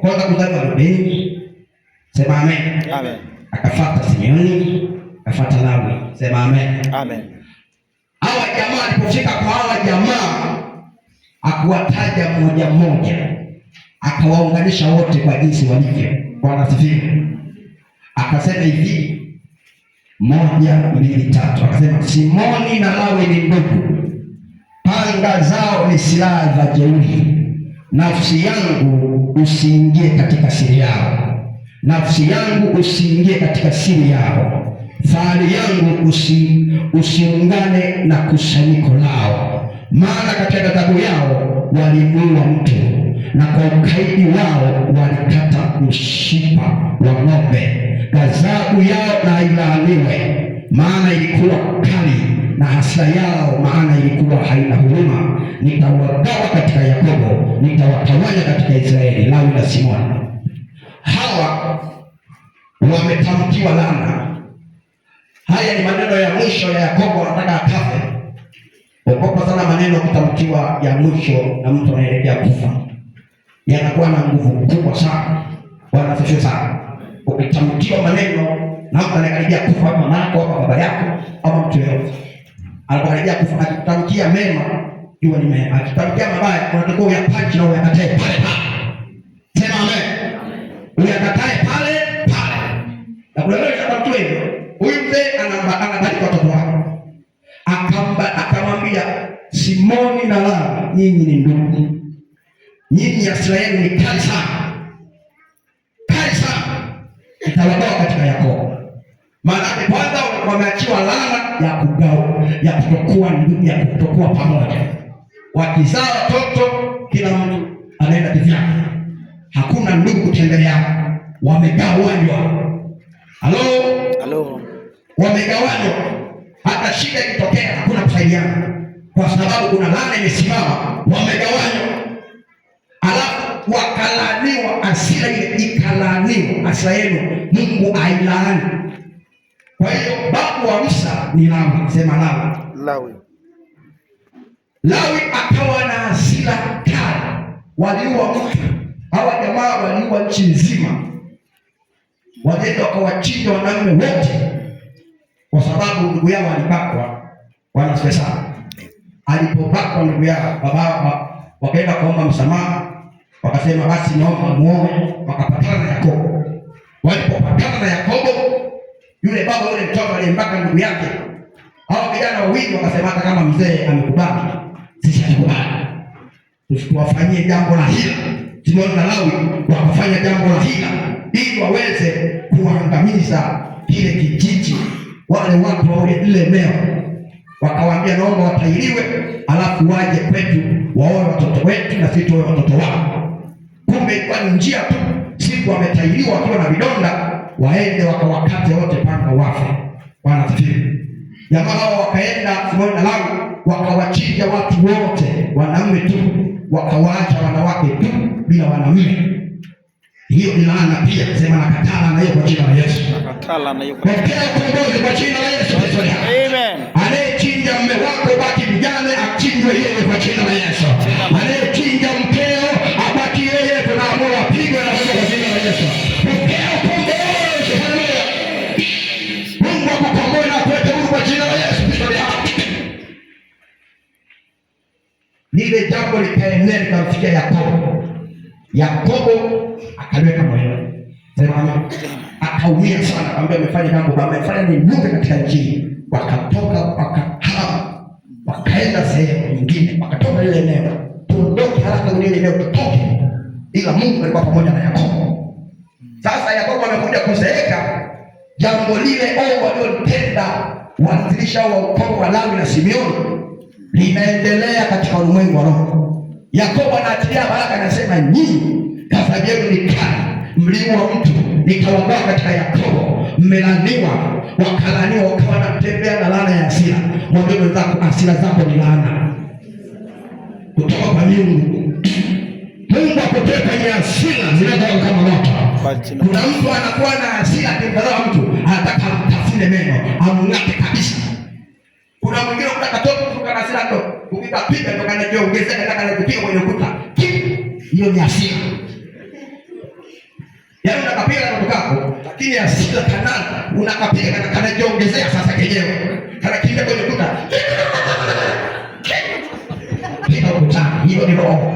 Kwanza kuzaliwa Rubeni, sema amen. Amen. Akafuata Simeoni, akafuata Lawi, sema amen. Amen. Hawa jamaa alipofika kwa hawa jamaa akuwataja mmoja mmoja, akawaunganisha wote kwa jinsi walivyo. Bwana asifiwe. Akasema hivi moja, mbili, tatu, akasema Simoni na Lawi ni ndugu, panga zao ni silaha za jeuri, nafsi yangu usiingie katika siri yao, nafsi yangu usiingie katika siri yao, fahari yangu usi, usiungane na kusanyiko lao, maana katika ghadhabu yao walimuua mtu na kwa ukaidi wao walikata mshipa wa ng'ombe. Ghadhabu yao na ilaaniwe, maana ilikuwa kali na hasira yao, maana ilikuwa haina huruma. Nitawagawa katika Yakobo, nitawatawanya katika Israeli. Lawi na Simoni, hawa wametamkiwa laana. Haya ni maneno ya mwisho ya Yakobo, anataka akafe. Ogopa sana maneno kutamkiwa ya mwisho na mtu anaelekea kufa, yanakuwa na nguvu kubwa sana. Bwana sana. Ukitamkiwa maneno na mtu anakaribia kufa, mama yako, baba yako, ama mtu yeyote Anapokaribia kufa, akikutamkia mema jua ni mema, akitamkia mabaya unatakiwa uyapange na uyakatae pale pale. Sema amen, uyakatae pale pale. Na kuna leo itakuwa hivyo, huyu mzee anabariki watoto wake, akamwambia Simoni na Lawi, nyinyi ni ndugu, nyinyi asili yenu ni kali sana, kali sana, itawaoa katika Yakobo Maanake kwanza wameachiwa lana ya kugawa, ya kutokuwa ndugu, ya kutokuwa pamoja. Wakizaa watoto, kila mtu anaenda kivyake, hakuna ndugu kutembelea. Wamegawanywa, halo halo, wamegawanywa. Hata shida ikitokea hakuna kusaidiana, kwa sababu kuna lana imesimama. Wamegawanywa alafu wakalaaniwa, asira ile ikalaaniwa. Asira yenu Mungu ailaani kwa hiyo babu wa Musa ni Lawi, sema Lawi. Lawi, Lawi akawa na hasira kali, waliua mtu. Hawa jamaa waliua nchi nzima, walienda wakawachinja wanaume wote, kwa sababu ndugu yao alibakwa. Wanasema alipobakwa ndugu yao, baba wakaenda kuomba msamaha, wakasema basi naomba muone, wakapatana na Yakobo. Walipopatana na Yakobo yule baba yule mtoto aliyembaka ndugu yake, hao vijana wawili wakasema, hata kama mzee amekubali, sisi hatukubali, tusiwafanyie jambo la hila. Tumeona Lawi wakafanya jambo la hila ili waweze kuangamiza kile kijiji, wale watu wa ile meo, Wakawaambia, naomba watairiwe, alafu waje kwetu waone watoto wetu na sisi tuwe watoto wao. Kumbe ilikuwa ni njia tu, siku wametairiwa wakiwa na vidonda waende wakawakate wote panga wafe. Bwana asifiwe. Jamaa hao wakaenda Bonde la Lamu wakawachinja watu wote, wanaume tu, wakawaacha wanawake tu bila wanaume. Hiyo ni laana pia, sema nakatala na hiyo kwa jina la Yesu. Nakatala na hiyo kwa jina la Yesu. Amen. Anayechinja mume wako baki mjane, achinjwe yeye kwa jina la Yesu. lile jambo likaenea likamfikia Yakobo. Yakobo akaliweka moyoni, akaumia sana, akamwambia amefanya jambo amefanya ninyume katika Injili. Wakatoka wakahama, wakaenda sehemu nyingine, wakatoka lile eneo. Tuondoke haraka ile eneo, tutoke, ila Mungu alikuwa pamoja na Yakobo. Sasa Yakobo amekuja kuzeeka, jambo lile ovu alilotenda waanzilisha wa ukoo wa Lawi na Simeoni linaendelea katika ulimwengu wa roho. Yakobo anaatilia baraka, anasema nyinyi ghadhabu yenu ni kali, mlimu wa mtu nikaondoa katika Yakobo, mmelaniwa wakalaniwa, ukawa natembea na laana ya asira. Mwambie mwenzako asira zako ni laana kutoka kwa Mungu. Mungu akupee kwenye hasira zinazoka kama moto. Kuna mtu anakuwa na hasira, akimdharau mtu anataka amtafune meno amng'ate kabisa. Kuna mwingine unataka lako ukikapiga ndo kanaje ongezeka mpaka anakupiga kwenye ukuta. Hiyo ni hasira. Yaani unakapiga na mtu wako, lakini hasira kanana unakapiga na kanaje ongezeka sasa kenyewe. Kana Kanakimbia kwenye ukuta. Hiyo ukuta, hiyo ni roho.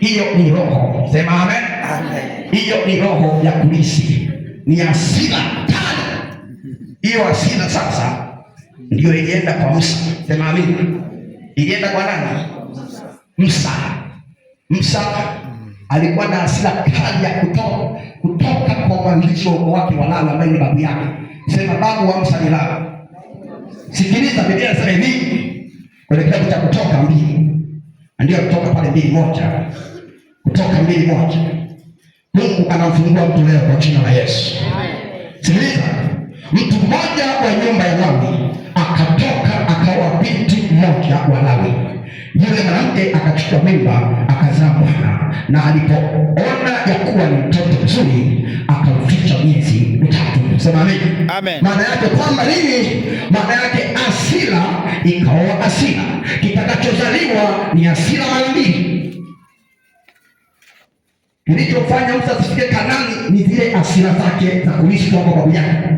Hiyo ni roho. Sema amen. Hiyo ni roho ya kulisi. Ni hasira kali. Hiyo hasira sasa Ndiyo ilienda kwa Musa. Sema amini. Ilienda kwa nani? Musa. Musa alikuwa na hasira kali ya kutoka kutoka kwa mwanzilishi wake wa Lawi ambaye ni babu yake. Sema babu wa Musa ni Lawi. Sikiliza Biblia inasema hivi kwenye kitabu cha Kutoka mbili, ndio kutoka pale mbili moja, Kutoka mbili moja. Mungu anamfungua mtu leo kwa jina la Yesu. Sikiliza, mtu mmoja wa nyumba ya Lawi akatoka akaoa binti mmoja wa Lawi. Yule mwanamke akachukua mimba akazaa mwana, na alipoona ya kuwa ni mtoto mzuri akamficha miezi mitatu. Sema amen, amen. Maana yake kwamba nini? Maana yake Asila ikaoa Asila, kitakachozaliwa ni Asila mara mbili. Kilichofanya Musa asifike Kanani ni zile asila zake za kuishi kwa babu yake.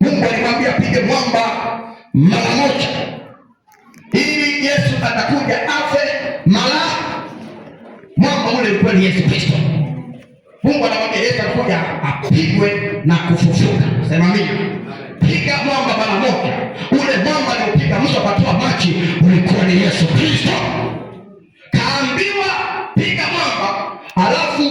Mungu alimwambia pige mwamba mara moja, ili Yesu atakuja afe mara mwamba ule ulikuwa ni Yesu Kristo. Mungu anamwambia Yesu atakuja apigwe na kufufuka. Sema mimi, piga mwamba mara moja. Ule mwamba aliopiga mtu akatoa maji ulikuwa ni Yesu Kristo. Kaambiwa piga mwamba, alafu